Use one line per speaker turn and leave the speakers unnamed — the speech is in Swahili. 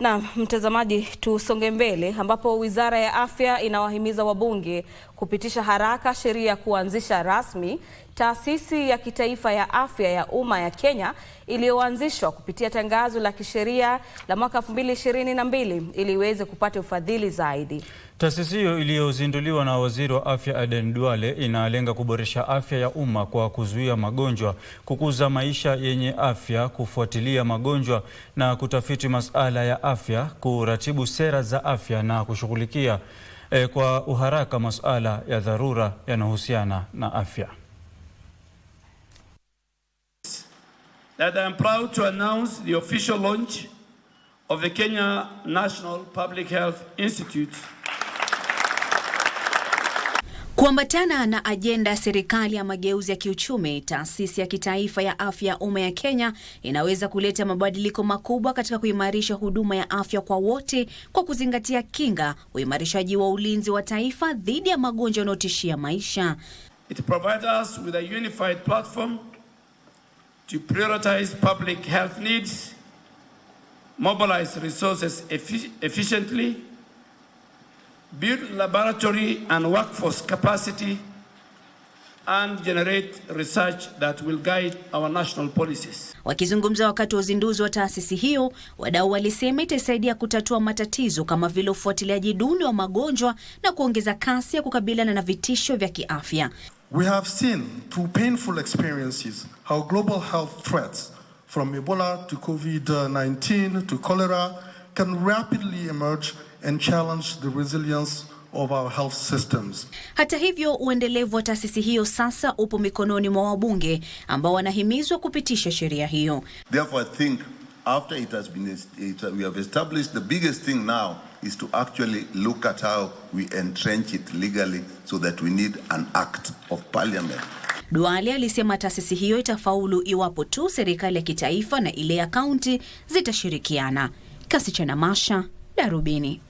Na mtazamaji, tusonge mbele ambapo Wizara ya Afya inawahimiza wabunge kupitisha haraka sheria kuanzisha rasmi Taasisi ya Kitaifa ya Afya ya Umma ya Kenya iliyoanzishwa kupitia tangazo la kisheria la mwaka 2022 ili iweze kupata ufadhili zaidi.
Taasisi hiyo iliyozinduliwa na Waziri wa Afya Aden Duale inalenga kuboresha afya ya umma kwa kuzuia magonjwa, kukuza maisha yenye afya, kufuatilia magonjwa na kutafiti masuala ya afya, kuratibu sera za afya na kushughulikia eh, kwa uharaka masuala ya dharura yanayohusiana na afya.
that I am proud to announce the official launch of the Kenya National Public Health Institute.
Kuambatana na ajenda ya serikali ya mageuzi ya kiuchumi, taasisi ya kitaifa ya afya ya umma ya Kenya inaweza kuleta mabadiliko makubwa katika kuimarisha huduma ya afya kwa wote kwa kuzingatia kinga, uimarishaji wa ulinzi wa taifa dhidi ya magonjwa yanayotishia maisha.
It provides us with a unified platform to prioritize public health needs, mobilize resources effi efficiently, build laboratory and workforce capacity, and generate research that will guide our national policies.
Wakizungumza wakati wa uzinduzi wa taasisi hiyo, wadau walisema itasaidia kutatua matatizo kama vile ufuatiliaji duni wa magonjwa na kuongeza kasi ya kukabiliana na vitisho vya kiafya.
We have seen through painful experiences how global health threats, from Ebola to COVID 19 to cholera, can rapidly emerge and challenge the resilience of our health systems.
Hata hivyo, uendelevu wa taasisi hiyo sasa upo mikononi mwa wabunge ambao wanahimizwa kupitisha sheria hiyo.
Therefore, I think after it has been it, uh, we have established the biggest thing now is to actually look at how we entrench it legally so that we need an act of parliament.
Duale alisema taasisi hiyo itafaulu iwapo tu serikali ya kitaifa na ile ya kaunti zitashirikiana. Kasichana Masha, Darubini.